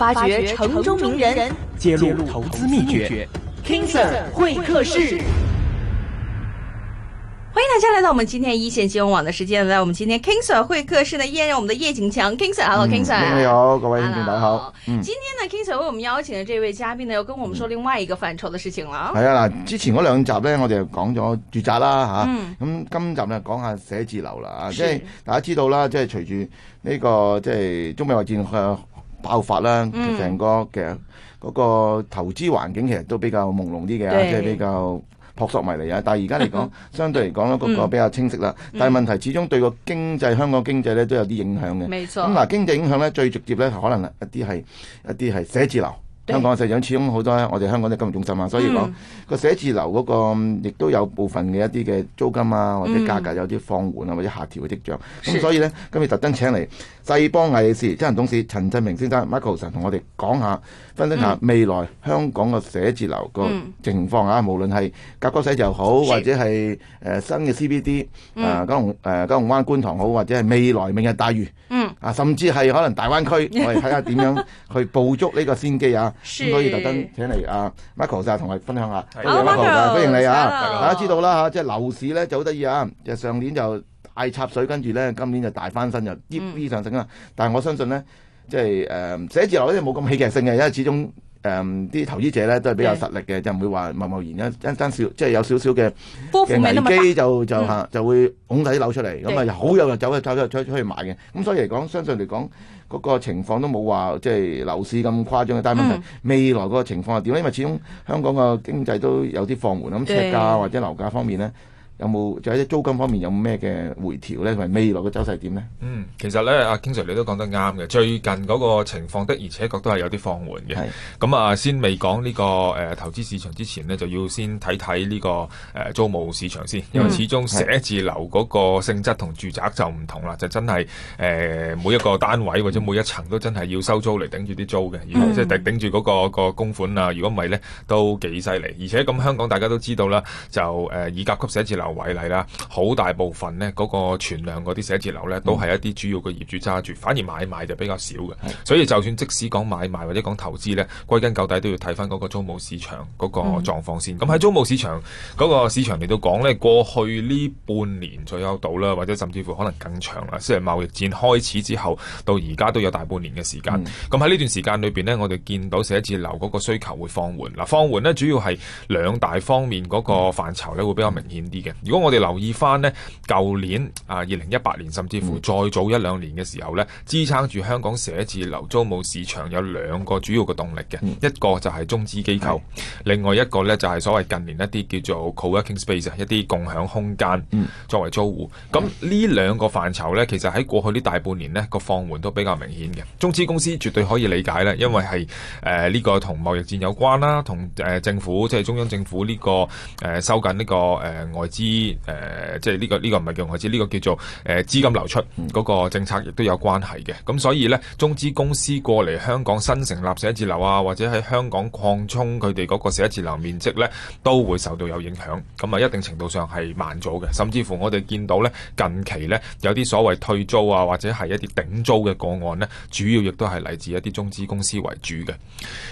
發掘城中名人，揭露投資秘訣。King Sir 會客室，歡迎大家來到我們今天一線金融網的時間。來，我們今天 King Sir 會客室呢，依然有我們的葉景強。King Sir，Hello，King Sir，你好，各位大家好。今天呢，King Sir 為我們邀請的這位嘉賓呢，又跟我們說另外一個範疇的事情了。係啊，嗱，之前嗰兩集呢，我哋講咗住宅啦，吓，咁今集呢，講下寫字樓啦啊。即係大家知道啦，即係隨住呢個即係中美貿易戰。爆發啦！成個其實嗰、那個嗯、個投資環境其實都比較朦朧啲嘅，即係對比較撲朔迷離啊！但係而家嚟講， 相對嚟講咧，嗰個比較清晰啦。嗯、但係問題始終對個經濟，香港經濟呢都有啲影響嘅。咁嗱、嗯，冇錯，經濟影響呢，最直接呢，可能一啲係一啲係寫字樓。香港嘅社長始終好多，我哋香港嘅金融中心啊，所以講個寫字樓嗰個亦都有部分嘅一啲嘅租金啊或者價格有啲放緩啊或者下調嘅跡象。咁所以呢，今日特登請嚟世邦魏理仕執行董事陳錦平先生 Michael 神同我哋講下分析下未來香港個寫字樓個情況啊，無論係甲級寫字樓又好，或者係誒、呃、新嘅 CBD 啊、呃、九龍誒、呃、九龍灣觀塘好，或者係未來明日大嶼。嗯啊，甚至係可能大灣區，我哋睇下點樣去捕捉呢個先機啊！咁所以特登請嚟啊，Michael 就同我分享下，多謝、oh, Michael、啊、歡迎你啊！大家知道啦嚇，即係樓市咧就好得意啊！就是啊就是、上年就大插水，跟住咧今年就大翻身，就跌上升啊。嗯、但我相信咧，即係誒寫字樓呢，冇咁戲劇性嘅，因為始終。誒啲、嗯、投資者咧都係比較實力嘅，對就唔會話貿貿然嘅爭少，對就即係有少少嘅危機就就、嗯、就會拱底扭出嚟咁啊，好對有人走嘅，走咗出去買嘅。咁、嗯、所以嚟講，相信嚟講嗰、那個情況都冇話即係樓市咁誇張嘅。但係問題、嗯、未來個情況係點咧？因為始終香港個經濟都有啲放緩咁呎、嗯、對價或者樓價方面咧。有冇就喺啲租金方面有咩嘅回調咧？同埋未來嘅走勢點咧？嗯，其實咧，阿 King Sir 你都講得啱嘅。最近嗰個情況的而且確都係有啲放緩嘅。咁啊是、嗯，先未講呢個、呃、投資市場之前呢，就要先睇睇呢個、呃、租務市場先，因為始終寫字樓嗰個性質同住宅就唔同啦，是就真係、呃、每一個單位或者每一層都真係要收租嚟頂住啲租嘅，然後即係頂住嗰、嗰個公、嗰個、款啊。如果唔係咧，都幾犀利。而且咁香港大家都知道啦，就誒以甲級寫字樓為例啦，好大部分呢，嗰、那個存量嗰啲寫字樓呢，都係一啲主要嘅業主揸住，反而買賣就比較少嘅。所以就算即使講買賣或者講投資呢，歸根究底都要睇翻嗰個租務市場嗰個狀況先。咁喺租務市場嗰、那個市場嚟到講呢，過去呢半年左右到啦，或者甚至乎可能更長啦。雖然貿易戰開始之後到而家都有大半年嘅時間，咁喺呢段時間裏邊呢，我哋見到寫字樓嗰個需求會放緩。嗱，放緩呢，主要係兩大方面嗰個範疇呢會比較明顯啲嘅。如果我哋留意翻呢，舊年啊二零一八年，甚至乎再早一兩年嘅時候呢，支撐住香港寫字樓租務市場有兩個主要嘅動力嘅。嗯、一個就係中資機構，嗯、另外一個呢就係、是、所謂近年一啲叫做 coworking space 一啲共享空間作為租戶。咁呢兩個範疇呢，其實喺過去呢大半年呢個放緩都比較明顯嘅。中資公司絕對可以理解呢，因為係呢、呃呢個同貿易戰有關啦、啊，同、呃、政府即係中央政府呢、呢個、呃、收緊呢、呢個、呃、外資。啲誒、呃，即係呢、這個呢、這個唔係叫外資呢個叫做誒、呃、資金流出嗰個政策亦都有關係嘅。咁所以咧，中資公司過嚟香港新成立寫字樓啊，或者喺香港擴充佢哋嗰個寫字樓面積咧，都會受到有影響，咁啊，一定程度上係慢咗嘅。甚至乎我哋見到咧，近期咧有啲所謂退租啊，或者係一啲頂租嘅個案咧，主要亦都係嚟自一啲中資公司為主嘅。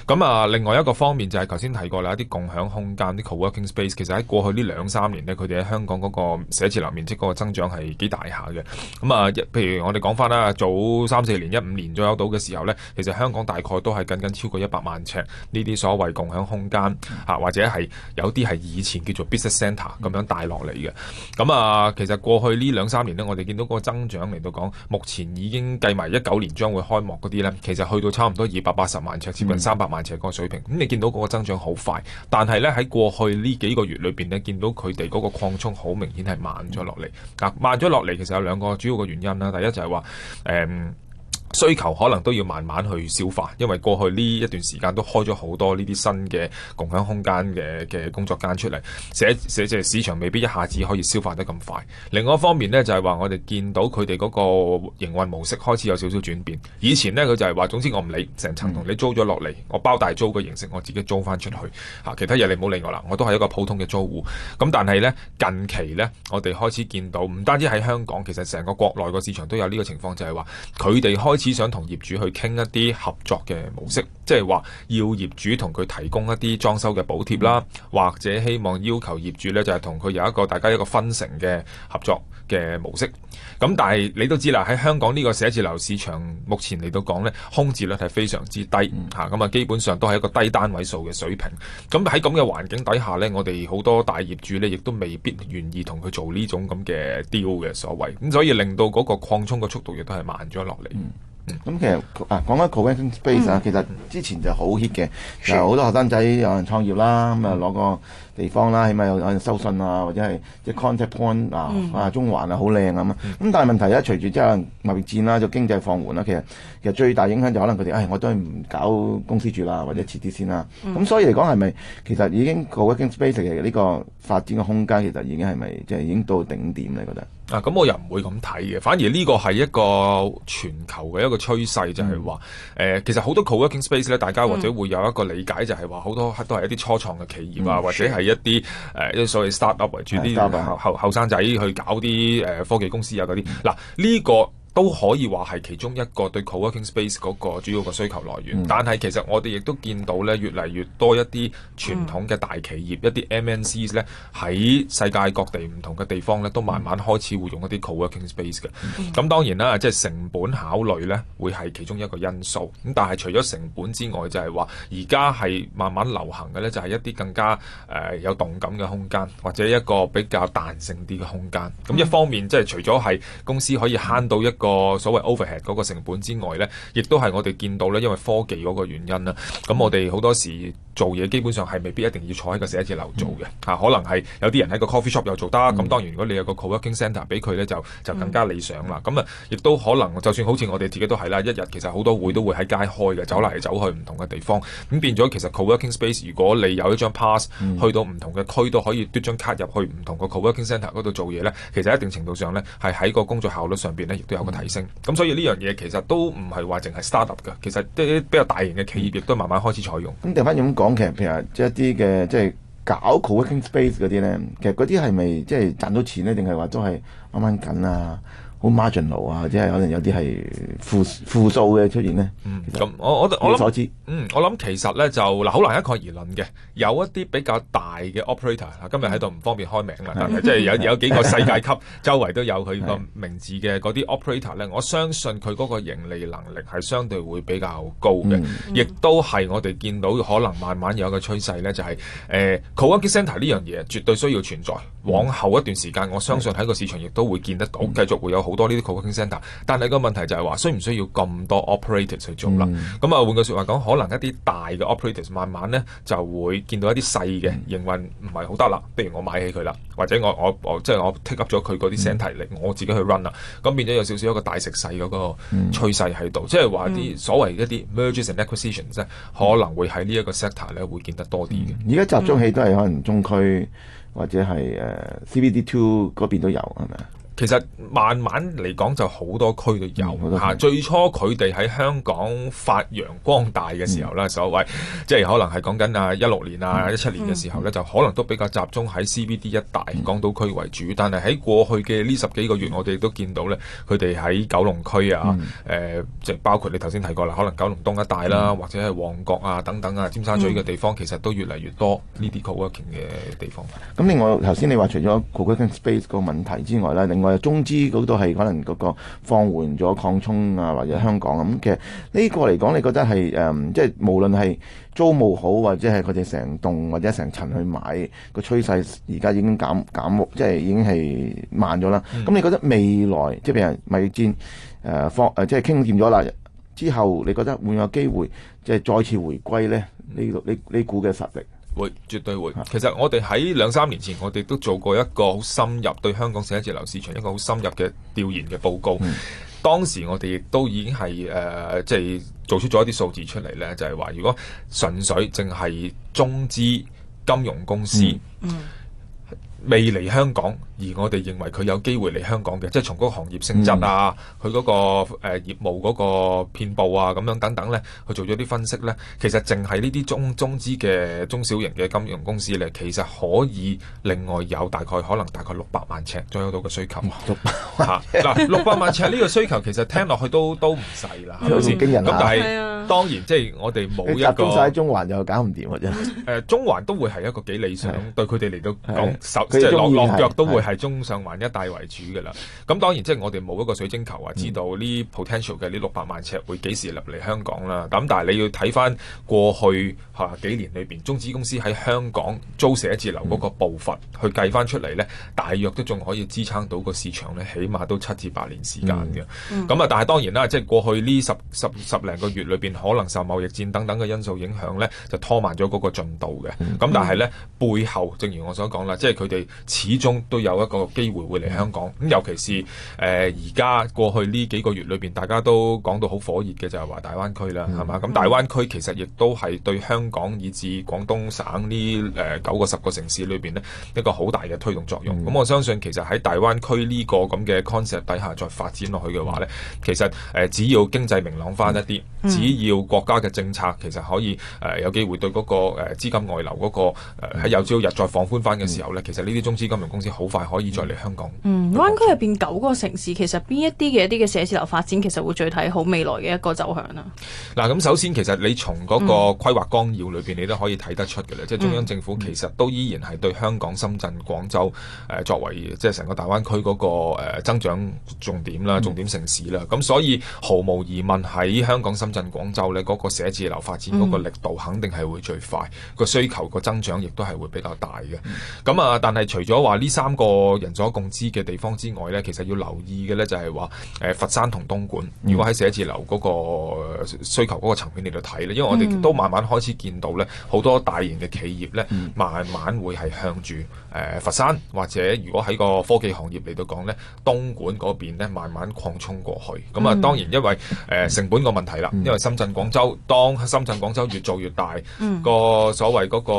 咁啊，另外一個方面就係頭先提過啦，一啲共享空間啲 co-working space，其實喺過去呢兩三年咧，佢哋，香港嗰個寫字樓面積嗰個增長係幾大下嘅，咁啊，譬如我哋講翻啦，早三四年、一五年左右到嘅時候呢，其實香港大概都係僅僅超過一百萬尺呢啲所謂共享空間、嗯、或者係有啲係以前叫做 business centre 咁樣帶落嚟嘅。咁啊，其實過去呢兩三年呢，我哋見到個增長嚟到講，目前已經計埋一九年將會開幕嗰啲呢，其實去到差唔多二百八十萬尺，接近三百萬尺個水平。咁、嗯、你見到嗰個增長好快，但係呢，喺過去呢幾個月裏面呢，見到佢哋嗰個好明顯係慢咗落嚟，嗱，慢咗落嚟，其實有兩個主要嘅原因啦，第一就係話誒需求可能都要慢慢去消化，因為過去呢一段時間都開咗好多呢啲新嘅共享空間嘅嘅工作間出嚟，寫寫即市場未必一下子可以消化得咁快。另外一方面咧，就係話我哋見到佢哋嗰個營運模式開始有少少轉變。以前咧佢就係話總之我唔理成層同你租咗落嚟，我包大租嘅形式我自己租翻出去吓，其他嘢你唔好理我啦，我都係一個普通嘅租戶。咁但係咧近期咧，我哋開始見到，唔單止喺香港，其實成個國內個市場都有呢個情況，就係話佢哋開。只想同業主去傾一啲合作嘅模式，即係話要業主同佢提供一啲裝修嘅補貼啦，或者希望要求業主呢就係同佢有一個大家一個分成嘅合作嘅模式。咁但係你都知啦，喺香港呢個寫字樓市場目前嚟到講呢，空置率係非常之低嚇，咁啊、嗯、基本上都係一個低單位數嘅水平。咁喺咁嘅環境底下呢，我哋好多大業主呢亦都未必願意同佢做呢種咁嘅 deal 嘅所謂。咁所以令到嗰個擴充嘅速度亦都係慢咗落嚟。嗯咁、嗯、其實啊，講翻 co-working space 啊、嗯，其實之前就好 hit 嘅，就好的多學生仔有人創業啦，咁啊攞個。地方啦，起碼有人收信啊，或者係即 contact point 嗱啊、嗯、啊，中環啊好靚咁啊。咁、嗯、但係問題咧，隨住即係貿易戰啦、啊，就經濟放緩啦、啊，其實其實最大影響就可能佢哋唉，我都係唔搞公司住啦，或者遲啲先啦、啊。咁、嗯、所以嚟講係咪其實已經 co-working space 呢個發展嘅空間其實已經係咪即係已經到頂點你覺得啊，咁、嗯、我又唔會咁睇嘅。反而呢個係一個全球嘅一個趨勢，嗯、就係話誒，其實好多 co-working space 咧，大家或者會有一個理解就，就係話好多都係一啲初創嘅企業啊，嗯、或者係。一啲誒，啲、呃、所謂 start up 為主，啲後後生仔去搞啲誒科技公司啊嗰啲，嗱呢個。都可以話係其中一個對 coworking space 個主要嘅需求來源，嗯、但係其實我哋亦都見到咧，越嚟越多一啲傳統嘅大企業、嗯、一啲 MNC 咧喺世界各地唔同嘅地方咧，都慢慢開始會用一啲 coworking space 嘅。咁、嗯嗯、當然啦，即、就、係、是、成本考慮咧，會係其中一個因素。咁但係除咗成本之外就，就係話而家係慢慢流行嘅咧，就係、是、一啲更加誒、呃、有動感嘅空間或者一個比較彈性啲嘅空間，咁一方面即係、就是、除咗係公司可以慳到一個，個所謂 overhead 嗰個成本之外呢，亦都係我哋見到呢，因為科技嗰個原因啦。咁我哋好多時做嘢基本上係未必一定要坐喺個寫字樓做嘅嚇、嗯啊，可能係有啲人喺個 coffee shop 又做得。咁、嗯、當然如果你有個 co-working center 俾佢呢，就就更加理想啦。咁啊、嗯，亦都可能就算好似我哋自己都係啦，一日其實好多會都會喺街開嘅，走嚟走去唔同嘅地方。咁變咗其實 co-working space 如果你有一張 pass 去到唔同嘅區都可以嘟張卡入去唔同個 co-working center 度做嘢呢，其實一定程度上呢，係喺個工作效率上邊呢，亦都有個提升。咁，所以呢樣嘢其實都唔係話淨係 startup 嘅，其實即係啲比較大型嘅企業亦都慢慢開始採用。咁掉翻咁講，其實譬如話一啲嘅即係搞 co-working space 嗰啲咧，其實嗰啲係咪即係賺到錢咧？定係話都係掹緊啊？好 marginal 啊，即係可能有啲係負負數嘅出現咧。嗯，咁我我我諗，嗯，我諗其實咧就嗱，好難一概而論嘅。有一啲比較大嘅 operator，今日喺度唔方便開名啦，嗯、但係即係有、嗯、有幾個世界級，嗯、周圍都有佢個名字嘅嗰啲 operator 咧、嗯。我相信佢嗰個盈利能力係相對會比較高嘅，亦、嗯、都係我哋見到可能慢慢有一個趨勢咧，就係、是、誒、呃、coworking centre 呢樣嘢絕對需要存在。往後一段時間，我相信喺個市場亦都會見得到，嗯、繼續會有。好多呢啲 cooking centre，但係個問題就係話需唔需要咁多 operators 去做啦？咁啊、嗯、換句說話講，可能一啲大嘅 operators 慢慢咧就會見到一啲細嘅營運唔係好得啦。不如我買起佢啦，或者我我我即係、就是、我 take up 咗佢嗰啲 centre 嚟、嗯，我自己去 run 啦。咁變咗有少少一個大食細嗰個趨勢喺度，即係話啲所謂一啲 mergers and acquisitions 咧，嗯、可能會喺呢一個 sector 咧會見得多啲嘅。而家集中器都係可能中區、嗯、或者係 CBD Two 嗰邊都有，係咪啊？其實慢慢嚟講就好多區都有嚇。嗯、最初佢哋喺香港發揚光大嘅時候啦，嗯、所謂即係可能係講緊啊一六年啊一七年嘅時候咧，嗯、就可能都比較集中喺 CBD 一帶、嗯、港島區為主。但係喺過去嘅呢十幾個月，我哋都見到咧，佢哋喺九龍區啊，誒、嗯，即係、呃、包括你頭先提過啦，可能九龍東一帶啦，嗯、或者係旺角啊等等啊，尖沙咀嘅地方，嗯、其實都越嚟越多呢啲 co-working 嘅地方。咁、嗯、另外頭先你話除咗 co-working space 個問題之外咧，另外中資嗰度係可能個個放緩咗擴充啊，或者香港咁嘅，其實呢個嚟講，你覺得係誒、嗯，即係無論係租務好或者係佢哋成棟或者成層去買個趨勢，而家已經減減即係已經係慢咗啦。咁的你覺得未來即係譬如米戰誒、呃、放即係傾掂咗啦之後，你覺得會有機會即係再次回歸咧？呢呢呢股嘅實力？會，絕對會，其實我哋喺兩三年前，我哋都做過一個好深入對香港寫字樓市場一個好深入嘅調研嘅報告。嗯、當時我哋亦都已經係誒，即、呃、係、就是、做出咗一啲數字出嚟呢，就係、是、話如果純粹淨係中資金融公司。嗯嗯未嚟香港，而我哋認為佢有機會嚟香港嘅，即係從嗰個行業性質啊，佢嗰、嗯那個誒、呃、業務嗰個遍佈啊，咁樣等等咧，去做咗啲分析咧，其實淨係呢啲中中資嘅中小型嘅金融公司咧，其實可以另外有大概可能大概六百萬尺左右到嘅需求。六百萬嗱，六百萬尺呢個需求其實聽落去都 都唔細啦，驚人咁，但係是、啊、當然即係我哋冇一個集中曬喺中環又搞唔掂啊，真係、呃、中環都會係一個幾理想、啊、對佢哋嚟到講收。落落腳都會係中上環一帶為主嘅啦。咁當然即係我哋冇一個水晶球啊，知道呢 potential 嘅呢六百萬尺會幾時入嚟香港啦。咁但係你要睇翻過去嚇幾年裏面，中資公司喺香港租寫字樓嗰個步伐，嗯、去計翻出嚟呢，大約都仲可以支撐到個市場呢，起碼都七至八年時間嘅。咁啊、嗯，嗯、但係當然啦，即、就、係、是、過去呢十十十零個月裏面，可能受貿易戰等等嘅因素影響呢，就拖慢咗嗰個進度嘅。咁但係呢，嗯、背後正如我所講啦，即係佢哋。始終都有一個機會會嚟香港，咁尤其是誒而家過去呢幾個月裏邊，大家都講到好火熱嘅就係、是、話大灣區啦，係嘛、嗯？咁、嗯嗯、大灣區其實亦都係對香港以至廣東省呢誒九個十個城市裏邊呢一個好大嘅推動作用。咁、嗯、我相信其實喺大灣區呢個咁嘅 concept 底下再發展落去嘅話呢，其實誒、呃、只要經濟明朗翻一啲，嗯、只要國家嘅政策其實可以誒、呃、有機會對嗰個誒資金外流嗰、那個喺、呃、有朝日再放寬翻嘅時候呢。嗯嗯、其實。呢啲中資金融公司好快可以再嚟香港。嗯，灣區入邊九個城市，其實邊一啲嘅一啲嘅寫字樓發展，其實會最睇好未來嘅一個走向啦。嗱、啊，咁首先其實你從嗰個規劃綱要裏邊，你都可以睇得出嘅啦。嗯、即係中央政府其實都依然係對香港、深圳、廣州誒、呃、作為即係成個大灣區嗰個增長重點啦、重點城市啦。咁、嗯、所以毫無疑問喺香港、深圳、廣州咧嗰、那個寫字樓發展嗰個力度，肯定係會最快個、嗯、需求個增長，亦都係會比較大嘅。咁、嗯、啊，但除咗話呢三個人所共知嘅地方之外呢，其實要留意嘅呢就係話、呃，佛山同東莞，嗯、如果喺寫字樓嗰個需求嗰個層面嚟到睇呢，因為我哋都慢慢開始見到呢，好多大型嘅企業呢，嗯、慢慢會係向住、呃、佛山或者如果喺個科技行業嚟到講呢，東莞嗰邊呢，慢慢擴充過去。咁啊，當然因為、嗯呃、成本個問題啦，嗯、因為深圳廣州當深圳廣州越做越大，嗯、個所謂嗰、嗰個、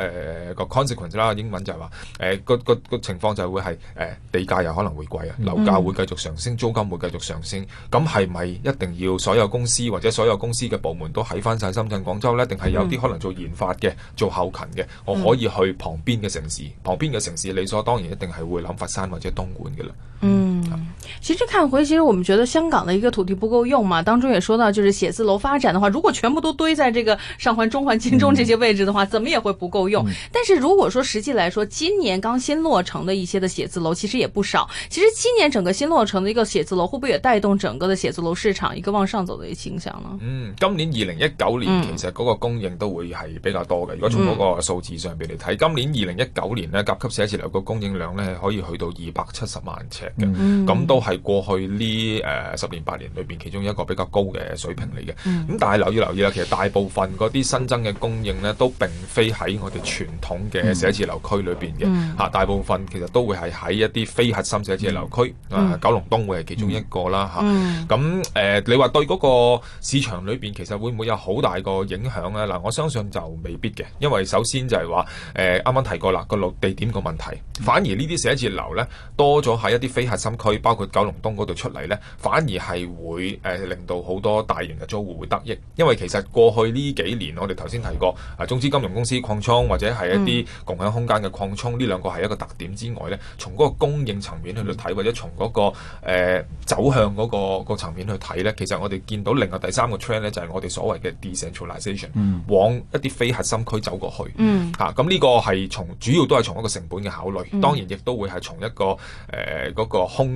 呃、個 consequence 啦，英文就係話。誒、呃、個個，個情況就會係誒、呃、地價又可能會貴啊，樓價會繼續上升，嗯、租金會繼續上升。咁係咪一定要所有公司或者所有公司嘅部門都喺翻晒深圳、廣州呢？定係有啲可能做研發嘅、做後勤嘅，我可以去旁邊嘅城市，嗯、旁邊嘅城市理所當然一定係會諗佛山或者東莞嘅啦。嗯。嗯、其實看回，其實我們覺得香港的一個土地不夠用嘛。當中也說到，就是寫字樓發展的話，如果全部都堆在這個上環、中環、金鐘這些位置的話，嗯、怎麼也會不夠用。嗯、但是如果說實際來說，今年剛新落成的一些的寫字樓其實也不少。其實今年整個新落成的一個寫字樓，會不會也帶動整個的寫字樓市場一個往上走的一個傾向呢？嗯，今年二零一九年其實嗰個供應都會係比較多嘅。嗯、如果從嗰個數字上面嚟睇，嗯、今年二零一九年呢，甲級寫字樓個供應量呢，可以去到二百七十萬尺嘅。嗯咁都係過去呢誒十年八年裏面其中一個比較高嘅水平嚟嘅。咁但係留意留意啦，其實大部分嗰啲新增嘅供應呢，都並非喺我哋傳統嘅寫字樓區裏面嘅。嚇，大部分其實都會係喺一啲非核心寫字樓區。啊，九龍東會係其中一個啦。嚇，咁誒，你話對嗰個市場裏面，其實會唔會有好大個影響呢？嗱，我相信就未必嘅，因為首先就係話誒，啱啱提過啦，個落地點個問題。反而呢啲寫字樓呢，多咗喺一啲非核心區。去包括九龍東嗰度出嚟咧，反而係會誒、呃、令到好多大型嘅租戶會得益，因為其實過去呢幾年我哋頭先提過啊，中資金融公司擴充或者係一啲共享空間嘅擴充呢兩個係一個特點之外咧，從那個供應層面去到睇，或者從嗰、那個、呃、走向嗰、那個那個層面去睇咧，其實我哋見到另外第三個 trend 咧，就係、是、我哋所謂嘅 decentralization、mm. 往一啲非核心區走過去，吓、mm. 啊，咁呢個係從主要都係從一個成本嘅考慮，mm. 當然亦都會係從一個誒嗰、呃那個、空。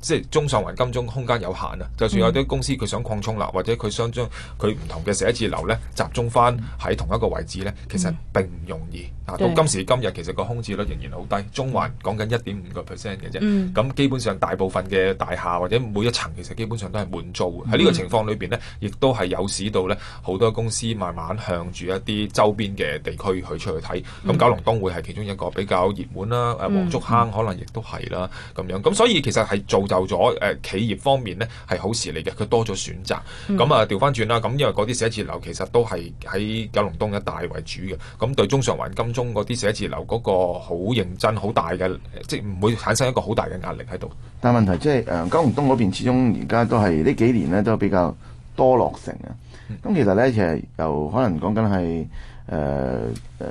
即係中上環金鐘空間有限啊！就算有啲公司佢想擴充啦，嗯、或者佢想將佢唔同嘅寫字樓呢集中翻喺同一個位置呢，其實並唔容易。啊、嗯，到今時今日其實個空置率仍然好低，嗯、中環講緊一點五個 percent 嘅啫。咁、嗯、基本上大部分嘅大廈或者每一層其實基本上都係滿租喺呢個情況裏邊呢，亦都係有使到呢好多公司慢慢向住一啲周邊嘅地區去出去睇。咁九龍東會係其中一個比較熱門啦，誒、啊、黃竹坑可能亦都係啦咁樣。咁所以其實係做。就咗企業方面咧係好事嚟嘅，佢多咗選擇。咁啊調翻轉啦，咁因為嗰啲寫字樓其實都係喺九龍東一帶為主嘅，咁對中上環、金鐘嗰啲寫字樓嗰個好認真、好大嘅，即係唔會產生一個好大嘅壓力喺度。但問題即係誒九龍東嗰邊始終而家都係呢幾年咧都比較多落成啊。咁、嗯、其實咧其實又可能講緊係。誒誒、呃呃，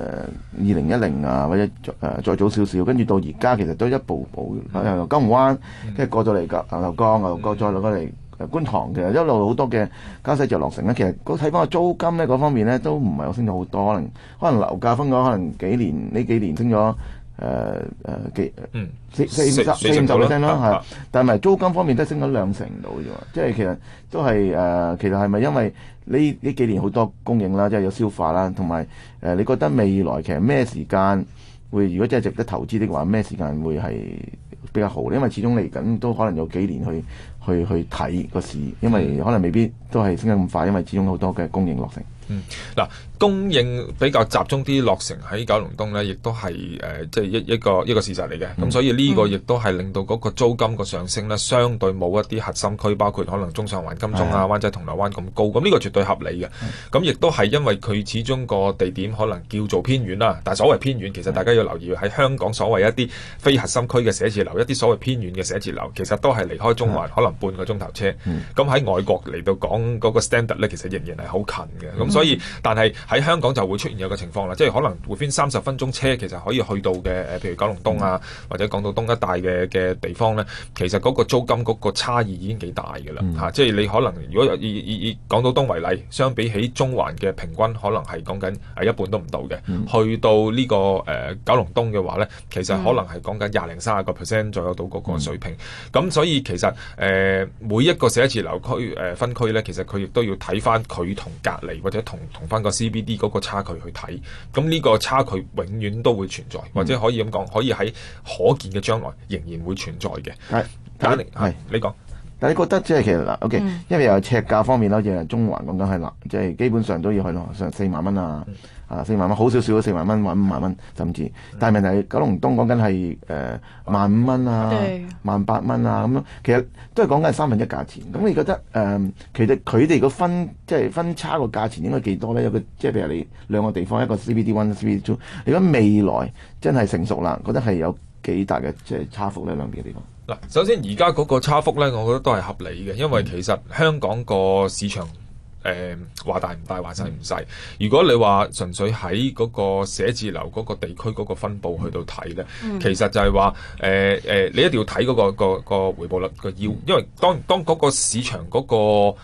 二零一零啊，或者誒、呃、再早少少，跟住到而家其實都一步步，金湖灣跟住過咗嚟鴨牛脷江，鴨脷江再落過嚟觀塘其實，一路好多嘅加西就落成咧。其實睇返個租金呢，嗰方面呢都唔係有升咗好多，可能可能樓價分咗，可能幾年呢幾年升咗。誒誒，幾四四五十四五十咁升啦，吓，但係租金方面都升咗兩成度啫嘛，即係其實都係誒，uh, 其實係咪因為呢呢幾年好多供應啦，即係有消化啦，同埋誒，你覺得未來其實咩時間會如果真係值得投資的話，咩時間會係比較好咧？因為始終嚟緊都可能有幾年去去去睇個市，因為可能未必都係升得咁快，因為始終好多嘅供應落成。嗯，嗱。供應比較集中啲落成喺九龍東咧，亦都係誒、呃，即係一一個一個事實嚟嘅。咁、嗯、所以呢個亦都係令到嗰個租金個上升咧，相對冇一啲核心區，包括可能中上環金鐘啊、哎、呀灣仔銅鑼灣咁高。咁呢個絕對合理嘅。咁亦、嗯、都係因為佢始終個地點可能叫做偏遠啦、啊。但係所謂偏遠，其實大家要留意喺香港所謂一啲非核心區嘅寫字樓，一啲所謂偏遠嘅寫字樓，其實都係離開中環、嗯、可能半個鐘頭車。咁喺、嗯、外國嚟到講嗰個 standard 咧，其實仍然係好近嘅。咁所以，嗯、但係喺香港就會出現有個情況啦，即係可能會變三十分鐘車，其實可以去到嘅誒，譬如九龍東啊，嗯、或者港島東一帶嘅嘅地方咧，其實嗰個租金嗰個差異已經幾大㗎啦嚇！即係你可能如果以以以港島東為例，相比起中環嘅平均，可能係講緊係一半都唔到嘅。嗯、去到呢、呢個誒、呃、九龍東嘅話咧，其實可能係講緊廿零三十個 percent 左右到嗰個水平。咁、嗯、所以其實誒、呃、每一個寫字樓區誒、呃、分區咧，其實佢亦都要睇翻佢同隔離或者同同翻個 CB。呢啲嗰個差距去睇，咁呢個差距永遠都會存在，嗯、或者可以咁講，可以喺可見嘅將來仍然會存在嘅。係，係你講。但係你覺得即係其實嗱，OK，、嗯、因為又係尺價方面啦，亦、就、係、是、中環講緊係啦，即係、就是、基本上都要去咯，上四萬蚊啊。嗯。啊，四萬蚊好少少四萬蚊，五萬蚊，甚至，嗯、但係問題係九龍東講緊係萬五蚊啊，萬八蚊啊，咁、嗯、對其實都係講緊係三分一價錢。咁對你覺得誒、呃，其實佢哋個分即係、就是、分差個價錢應該幾多咧？有個即係譬如你兩個地方，一個 CBD One、CBD Two，你講未來真係成熟啦，覺得係有幾大嘅即、就是、差幅呢？兩邊嘅地方。嗱，首先而家嗰個差幅咧，我覺得都係合理嘅，因為其實香港個市場、嗯。誒話、嗯、大唔大，話細唔細。嗯、如果你話純粹喺嗰個寫字樓嗰個地區嗰個分佈去到睇呢，嗯、其實就係話誒你一定要睇嗰、嗰個嗰個嗰個回報率、嗰個要，嗯、因為當當嗰個市場嗰、嗰個。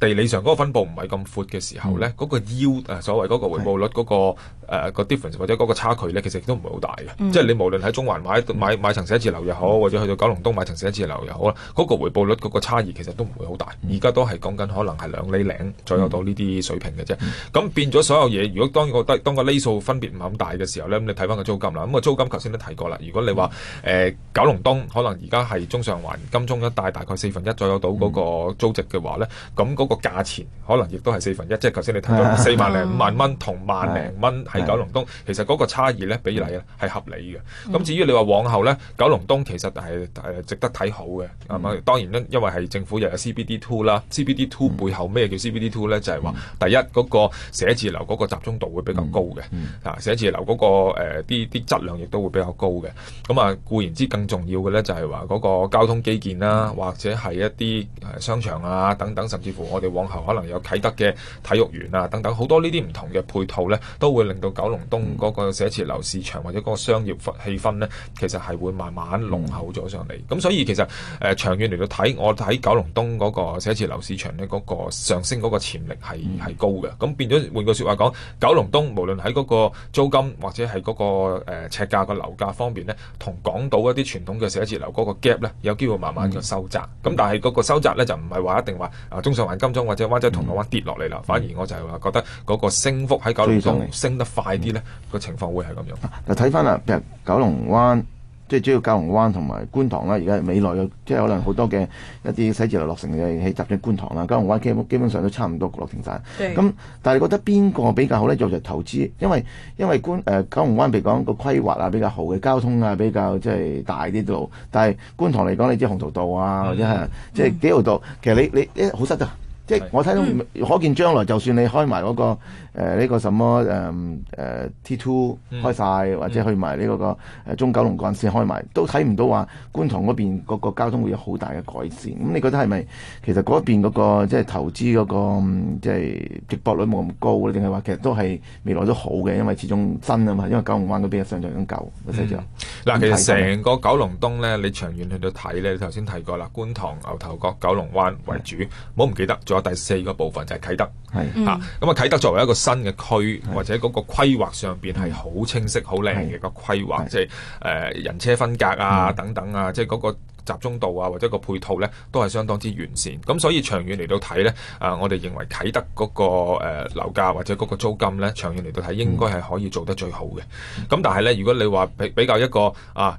地理上嗰個分佈唔係咁闊嘅時候呢，嗰、嗯、個 yield 誒所謂嗰個回報率嗰、那個誒是、呃、difference 或者嗰個差距呢，其實都唔會好大嘅。嗯、即係你無論喺中環買買買層寫字樓又好，或者去到九龍東買層寫字樓又好啦，嗰、那個回報率嗰個差異其實都唔會好大。而家、嗯、都係講緊可能係兩厘零左右到呢啲水平嘅啫。咁、嗯、變咗所有嘢，如果當我得當個厘數分別唔係咁大嘅時候呢，咁你睇翻個租金啦。咁、那、啊、個、租金頭先都提過啦。如果你話誒、呃、九龍東可能而家係中上環金鐘一帶大概四分一左右到嗰個租值嘅話呢。嗯咁嗰個價錢可能亦都係四分一，即係頭先你睇咗四萬零五萬蚊同萬零蚊喺九龍東， 其實嗰個差異咧，比例咧係合理嘅。咁至於你話往後咧，九龍東其實係係值得睇好嘅。咁、嗯、當然因為係政府又有 CBD Two 啦、嗯、CBD Two 背後咩叫 CBD Two 咧？嗯、就係話第一嗰、嗰個寫字樓嗰個集中度會比較高嘅，嗯嗯、啊，寫字樓嗰、嗰個啲啲、呃、質量亦都會比較高嘅。咁啊，固然之更重要嘅咧，就係話嗰個交通基建啦、啊，或者係一啲商場啊等等，似乎我哋往後可能有啟德嘅體育園啊，等等好多呢啲唔同嘅配套咧，都會令到九龍東嗰個寫字樓市場或者嗰個商業氣氛咧，其實係會慢慢濃厚咗上嚟。咁所以其實誒、呃、長遠嚟到睇，我睇九龍東嗰個寫字樓市場咧，嗰、嗰個上升嗰個潛力係係、嗯、高嘅。咁變咗換句說話講，九龍東無論喺嗰個租金或者係嗰個誒、呃、尺價個樓價方面咧，同港島一啲傳統嘅寫字樓嗰個 gap 咧，有機會慢慢嘅收窄。咁、嗯、但係嗰個收窄咧，就唔係話一定話啊中。金鐘或者灣仔、銅鑼灣跌落嚟啦，反而我就係話覺得嗰個升幅喺九龍灣升得快啲咧，蹤個情況會係咁樣。嗱、啊，睇翻啦，譬如九龍灣。即主要九龍灣同埋觀塘啦，而家未來嘅即係可能好多嘅一啲寫字樓落成嘅喺集中觀塘啦、九龍灣基基本上都差唔多落停晒，咁但係覺得邊個比較好咧？就係投資，因為因為觀誒九龍灣譬如講個規劃啊比較好嘅，交通啊比較即係大啲度。但係觀塘嚟講，你知鴻圖道啊或者係即係幾號道，其實你你好塞㗎。即係我睇到，可見將來就算你開埋 𠮶、那個誒呢、呃這個什麼誒誒、嗯呃、T TWO 開晒、嗯、或者去埋呢、這個個誒、呃、中九龍幹線開埋都睇唔到話觀塘 𠮶 邊 𠮶 個交通會有好大嘅改善，咁你覺得係咪其實 𠮶 邊 𠮶 個即係、就是、投資 𠮶、那個即係、嗯就是、接駁率冇咁高定係話其實都係未來都好嘅，因為始終新啊嘛，因為九龍灣 𠮶 邊嘅商場都舊，嗱、嗯、其實成個九龍東咧，你長遠去到睇咧，你頭先提過啦，觀塘牛頭角九龍灣為主，唔好唔記得。第四個部分就係啟德，嚇咁、嗯、啊！啟德作為一個新嘅區，是或者嗰個規劃上面係好清晰、好靚嘅個規劃，即係是、就係呃、人車分隔啊、是等等啊，即係嗰個集中度啊，或者個配套呢，都係相當之完善。咁所以長遠嚟到睇呢，啊，我哋認為啟德嗰、嗰個誒樓價或者嗰個租金呢，長遠嚟到睇應該係可以做得最好嘅。咁但係呢，如果你話比比較一個啊。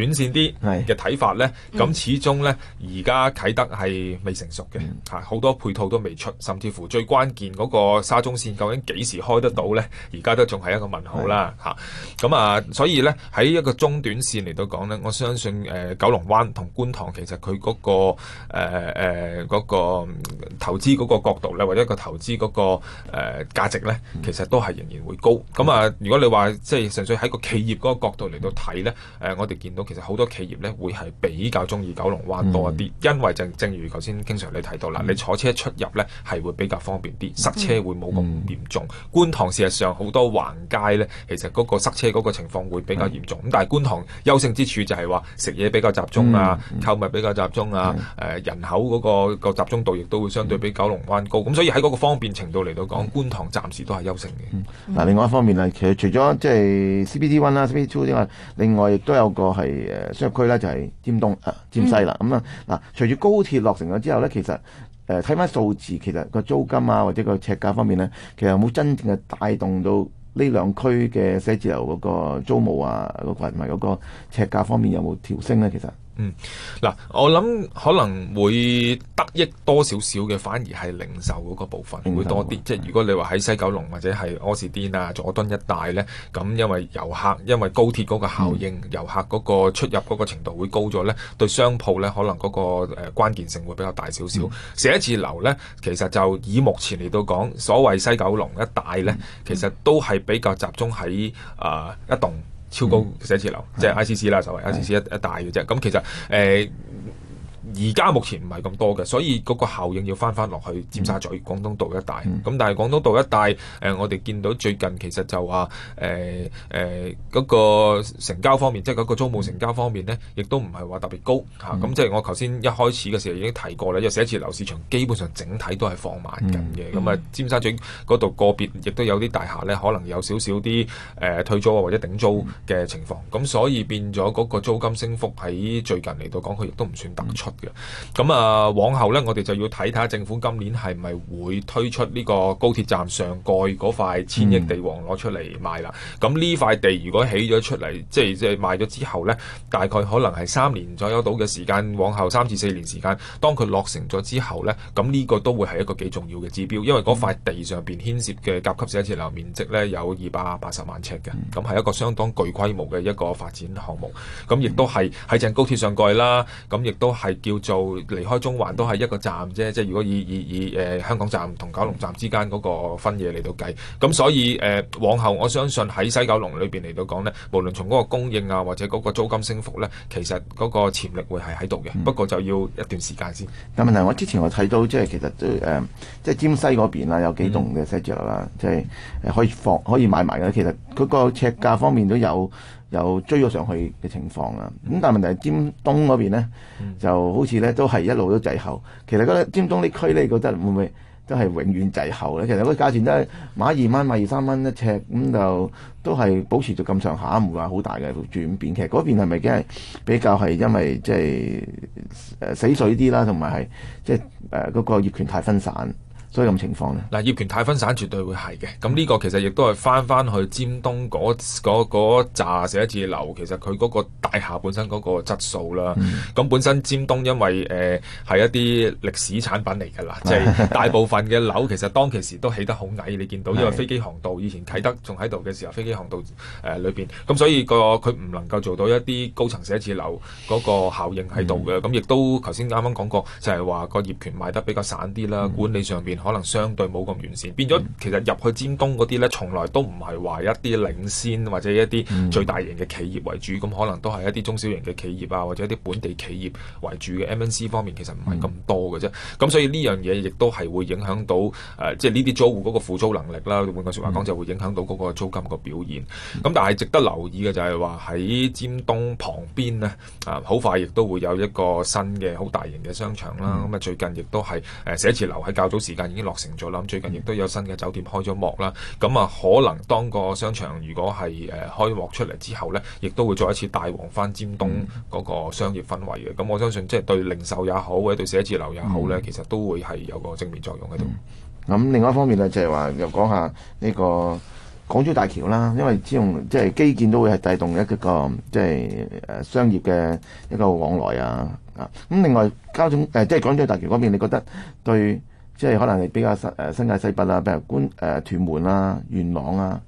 短線啲嘅睇法呢，咁是始終呢，而家啟德係未成熟嘅，嚇好是多配套都未出，甚至乎最關鍵嗰個沙中線究竟幾時開得到呢？而家都仲係一個問號啦，嚇咁是啊！所以呢，喺一個中短線嚟到講呢，我相信誒、呃、九龍灣同觀塘其實佢嗰、嗰個誒誒、呃呃嗰個、投資嗰個角度呢，或者個投資嗰、嗰個誒價、呃、值呢，其實都係仍然會高。咁是啊，如果你話即係純粹喺個企業嗰個角度嚟到睇呢，誒是、呃、我哋見到。其實好多企業咧會係比較中意九龍灣多一啲，因為正正如頭先 King Sir 你提到啦，你坐車出入咧係會比較方便啲，塞車會冇咁嚴重。觀塘事實上好多橫街咧，其實嗰個塞車嗰個情況會比較嚴重。咁但係觀塘優勝之處就係話食嘢比較集中啊，購物比較集中啊，誒人口嗰個集中度亦都會相對比九龍灣高。咁所以喺嗰個方便程度嚟到講，觀塘暫時都係優勝嘅。嗱，另外一方面啦，其實除咗即係 CBD One 啦、CBD Two 之外，另外亦都有個係。誒，商業區咧就係尖東、啊、誒尖西啦、嗯嗯，咁啊嗱，隨住高鐵落成咗之後咧，其實誒睇翻數字，其實個租金啊或者個尺價方面咧，其實有冇真正嘅帶動到呢兩區嘅寫字樓嗰個租務啊、嗰個或者嗰個尺價方面有冇調升咧？其實？嗯，嗱，我諗可能會得益多少少嘅，反而係零售嗰個部分、嗯、會多啲。嗯、即係如果你話喺西九龍或者係柯士甸啊、佐敦一帶呢，咁因為遊客，因為高鐵嗰個效應，遊、嗯、客嗰個出入嗰個程度會高咗呢。對商鋪呢，可能嗰、嗰個誒、呃、關鍵性會比較大少少。寫字樓呢，其實就以目前嚟到講，所謂西九龍一帶呢，嗯、其實都係比較集中喺、呃、一棟。超高寫字樓，嗯、即係 ICC 啦，的所謂 ICC 一是的一大嘅啫。咁其實誒。呃而家目前唔係咁多嘅，所以嗰個效應要翻翻落去尖沙咀、嗯、廣東道一帶。咁、嗯、但係廣東道一帶誒、呃、我哋見到最近其實就話，誒誒嗰個成交方面，即係嗰個租務成交方面呢，亦都唔係話特別高嚇。咁即係我頭先一開始嘅時候已經提過啦，因為寫字樓市場基本上整體都係放慢緊嘅。咁啊，尖沙咀嗰度個別亦都有啲大廈呢，可能有少少啲、呃、退租或者頂租嘅情況。咁、嗯、所以變咗嗰個租金升幅喺最近嚟到講，佢亦都唔算突出。嗯咁啊，往後咧，我哋就要睇睇下政府今年係咪會推出呢個高鐵站上蓋嗰塊千億地王攞出嚟賣啦。咁呢塊地如果起咗出嚟，即係即係賣咗之後咧，大概可能係三年左右到嘅時間，往後三至四年時間，當佢落成咗之後咧，咁呢個都會係一個幾重要嘅指標，因為嗰塊地上邊牽涉嘅甲級寫字樓面積咧有二百八十萬尺嘅，咁係、嗯、一個相當巨規模嘅一個發展項目。咁亦都係喺正高鐵上蓋啦，咁亦都係叫。要做離開中環都係一個站啫，即係如果以以以誒香港站同九龍站之間嗰個分野嚟到計，咁所以誒、呃，往後我相信喺西九龍裏邊嚟到講呢，無論從嗰個供應啊或者嗰個租金升幅呢，其實嗰個潛力會係喺度嘅，不過就要一段時間先。嗯、但問題我之前我睇到即係其實誒、呃，即係尖西嗰邊啊，有幾棟嘅西住樓啦，嗯、即係可以放可以買埋嘅，其實佢個尺價方面都有，又追咗上去嘅情況啊，咁但係問題係尖東嗰邊呢就好似呢都係一路都滯後。其實嗰尖東呢區呢，覺得會唔會都係永遠滯後咧？其實嗰個價錢都係買二蚊、買二三蚊一尺咁，就都係保持住咁上下，唔會話好大嘅轉變。其實嗰邊係咪梗係比較係因為即係誒死水啲啦，同埋係即係誒嗰個業權太分散。所以咁情況咧，嗱，業權太分散，絕對會係嘅。咁呢個其實亦都係返返去尖東嗰嗰嗰扎寫字樓，其實佢嗰個大廈本身嗰個質素啦。咁、嗯、本身尖東因為誒係、呃、一啲歷史產品嚟㗎啦，即、就、係、是、大部分嘅樓其實當其時都起得好矮，你見到因為飛機航道以前啟德仲喺度嘅時候，飛機航道誒裏邊，咁、呃、所以、那個佢唔能夠做到一啲高層寫字樓嗰個效應喺度嘅。咁亦、嗯、都頭先啱啱講過，就係、是、話個業權賣得比較散啲啦，嗯、管理上邊。可能相對冇咁完善，變咗其實入去尖東嗰啲咧，從來都唔係話一啲領先或者一啲最大型嘅企業為主，咁、嗯、可能都係一啲中小型嘅企業啊，或者一啲本地企業為主嘅、嗯、MNC 方面其實唔係咁多嘅啫。咁、嗯、所以呢樣嘢亦都係會影響到誒、呃、即係呢啲租戶嗰個付租能力啦。嗯、換句說話講、嗯、就會影響到嗰個租金個表現，咁、嗯、但係值得留意嘅就係話喺尖東旁邊咧，啊、呃、好快亦都會有一個新嘅好大型嘅商場啦。咁啊、嗯、最近亦都係誒寫字樓喺較早時間。已經落成咗，諗最近亦都有新嘅酒店開咗幕啦。咁啊、嗯，可能當個商場如果係誒開幕出嚟之後呢，亦都會再一次帶旺翻尖東嗰個商業氛圍嘅。咁、嗯、我相信，即係對零售也好，或者對寫字樓也好呢，嗯、其實都會係有個正面作用喺度。咁、嗯、另外一方面呢，就係、是、話又講下呢個廣州大橋啦，因為之用即係基建都會係帶動一個即係、就是、商業嘅一個往來啊。咁另外交通即係廣州大橋嗰邊，你覺得對？即係可能係比較新新界西北啦、啊，譬如觀誒屯門啦、啊、元朗啊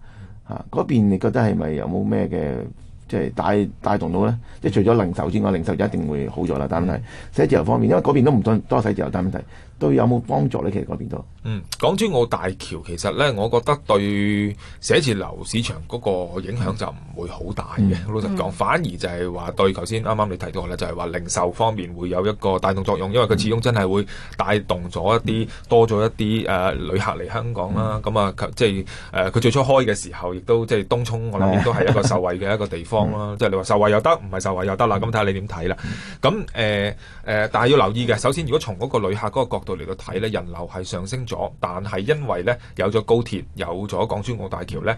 嚇，嗰邊你覺得係咪有冇咩嘅即係帶帶動到咧？即係除咗零售之外，零售就一定會好咗啦。但係寫字樓方面，因為嗰邊都唔算多寫字樓，但係問題，都有冇幫助呢？其實邊度。嗯，港珠澳大橋其實呢，我覺得對寫字樓市場嗰個影響就唔會好大嘅。老、嗯、實講，反而就係話對頭先啱啱你提到咧，就係、是、話零售方面會有一個帶動作用，因為佢始終真係會帶動咗一啲、嗯、多咗一啲誒、呃、旅客嚟香港啦。咁、嗯、啊，即係佢、呃、最初開嘅時候，亦都即係東涌是，我諗亦都係一個受惠嘅一個地方啦、嗯啊。即係你話受惠又得，唔係受惠又得啦。咁睇下你點睇啦。咁誒、嗯啊呃呃、但係要留意嘅，首先如果從嗰個旅客嗰個角度。嚟到睇咧人流係上升咗，但係因為咧有咗高鐵，有咗港珠澳大橋咧，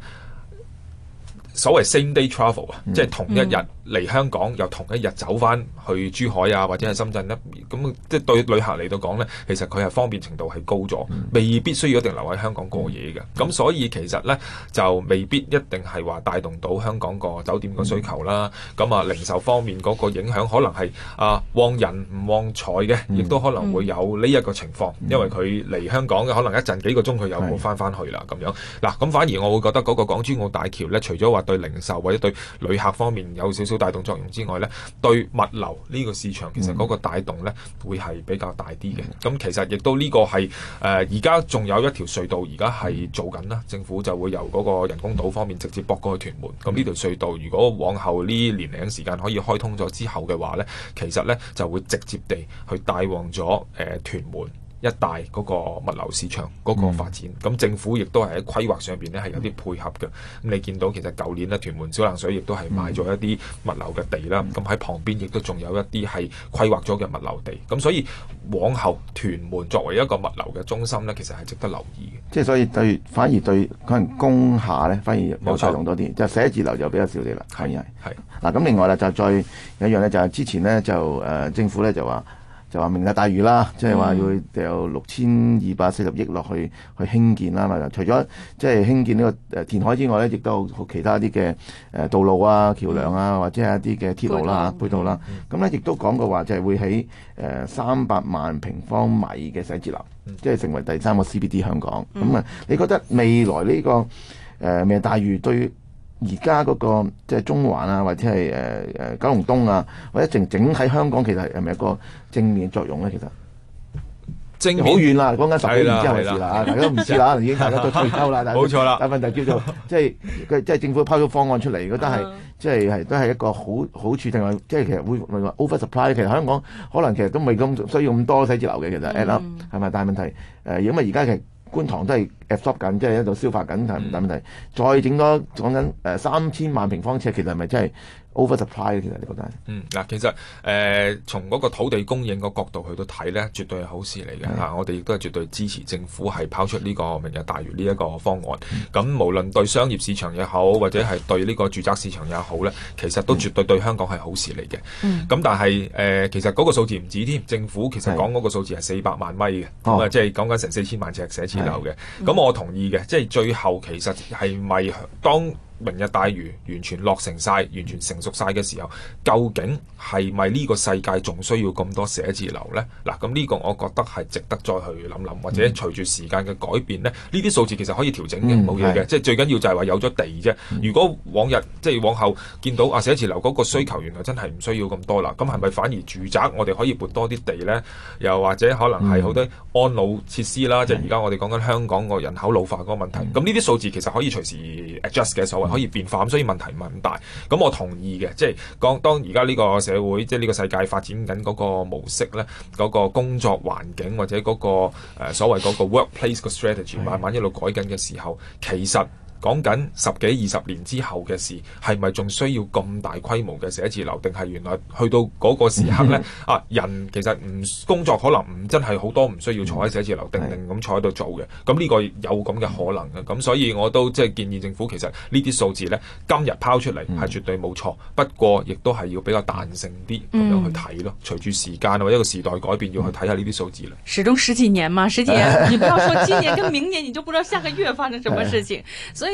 所謂 same day travel 啊，嗯，即係同一日，嚟香港又同一日走翻去珠海啊，或者係深圳咧，咁即係對旅客嚟到講咧，其實佢係方便程度係高咗，未必需要一定留喺香港過夜嘅。咁所以其實咧就未必一定係話帶動到香港個酒店個需求啦。咁、嗯、啊、嗯嗯，零售方面嗰個影響可能係啊旺人唔旺財嘅，亦、嗯、都可能會有呢一個情況，嗯嗯、因為佢嚟香港嘅可能一陣幾個鐘佢又冇翻翻去啦咁是樣嗱咁、嗯、反而我會覺得嗰個港珠澳大橋咧，除咗話對零售或者對旅客方面有少少。帶動作用之外咧，對物流呢個市場其實嗰個帶動咧會係比較大啲嘅。咁其實亦都呢個係誒而家仲有一條隧道，而家係做緊啦。政府就會由嗰個人工島方面直接駁過去屯門。咁呢條隧道如果往後呢年零時間可以開通咗之後嘅話呢，其實呢就會直接地去帶旺咗誒屯門。一帶嗰個物流市場嗰個發展，咁、嗯、政府亦都係喺規劃上面咧係有啲配合嘅。咁、嗯、你見到其實舊年咧，屯門小冷水亦都係賣咗一啲物流嘅地啦。咁喺、嗯、旁邊亦都仲有一啲係規劃咗嘅物流地。咁所以往後屯門作為一個物流嘅中心咧，其實係值得留意嘅。即係所以對，反而對可能工廈咧，反而冇作用多啲。錯就寫字樓就比較少啲啦。係係。嗱咁另外啦，就再有一樣咧，就係之前咧就誒、呃、政府咧就話。就話明日大嶼啦，即係話要掉六千二百四十億落去、嗯、去興建啦嘛。除咗即係興建呢個誒填海之外咧，亦都有其他啲嘅道路啊、橋梁啊，嗯、或者係一啲嘅鐵路啦、啊、配套啦。咁咧亦都講過話，就係會喺誒三百萬平方米嘅寫字樓，即係、嗯、成為第三個 C B D 香港。咁啊、嗯，你覺得未來呢、呢個誒明日大嶼對？而家嗰個即係、就是、中環啊，或者係誒、呃、九龍東啊，或者整整喺香港其實係咪一個正面作用咧？其實正好遠啦，講緊十幾年之後嘅事啦，大家都唔知啦， 已經大家都退休啦，冇錯啦。但大問題叫做即係即係政府拋咗方案出嚟，覺得係即係都係一個好好處，定係即係其實會另外 over supply。其實香港可能其實都未咁需要咁多寫字樓嘅，其實 at、嗯、大問題係咪？但問題因為而家其實。觀塘都係 absorb 緊，即係一度消化緊，唔等問題。Mm hmm. 再整多講緊誒三千萬平方尺，其實係咪真係？oversupply 其實你覺得？嗯嗱，其實誒、呃、從嗰個土地供應個角度去到睇咧，絕對係好事嚟嘅嚇。我哋亦都係絕對支持政府係拋出呢、這個明日大園呢一個方案。咁的無論對商業市場也好，或者係對呢個住宅市場也好咧，其實都絕對對香港係好事嚟嘅。咁的但係誒、呃，其實嗰個數字唔止添，政府其實講嗰個數字係四百萬米嘅，即係講緊成四千萬呎寫字樓嘅。咁的、嗯、我同意嘅，即、就、係、是、最後其實係咪當？明日大嶼完全落成晒，完全成熟晒嘅時候，究竟係咪呢個世界仲需要咁多寫字樓呢？嗱、啊，咁呢個我覺得係值得再去諗諗，或者隨住時間嘅改變呢。呢啲數字其實可以調整嘅，冇嘢嘅。即係的最緊要就係話有咗地啫。嗯、如果往日即係、就是、往後見到啊寫字樓嗰個需求原來真係唔需要咁多啦，咁係咪反而住宅我哋可以撥多啲地呢？又或者可能係好多安老設施啦，即係而家我哋講緊香港個人口老化嗰個問題。咁呢啲數字其實可以隨時 adjust 嘅，所可以變化，所以問題唔係咁大。咁我同意嘅，即係講當而家呢個社會，即係呢個世界發展緊嗰個模式咧，嗰個工作環境或者嗰個、呃、所謂嗰個 workplace 個 strategy 慢慢一路改緊嘅時候，的其實。講緊十幾二十年之後嘅事，係咪仲需要咁大規模嘅寫字樓？定係原來去到嗰個時刻呢？啊、嗯，人其實唔工作可能唔真係好多唔需要坐喺寫字樓定定咁、嗯、坐喺度做嘅。咁呢個有咁嘅可能嘅。咁、嗯、所以我都即係、就是、建議政府其實呢啲數字呢，今日拋出嚟係絕對冇錯。嗯、不過亦都係要比較彈性啲咁樣去睇咯。嗯、隨住時間或者一個時代改變，要去睇下呢啲數字啦。始終十幾年嘛，十幾年 你不要說今年跟明年，你就不知道下個月發生什麼事情， 所以。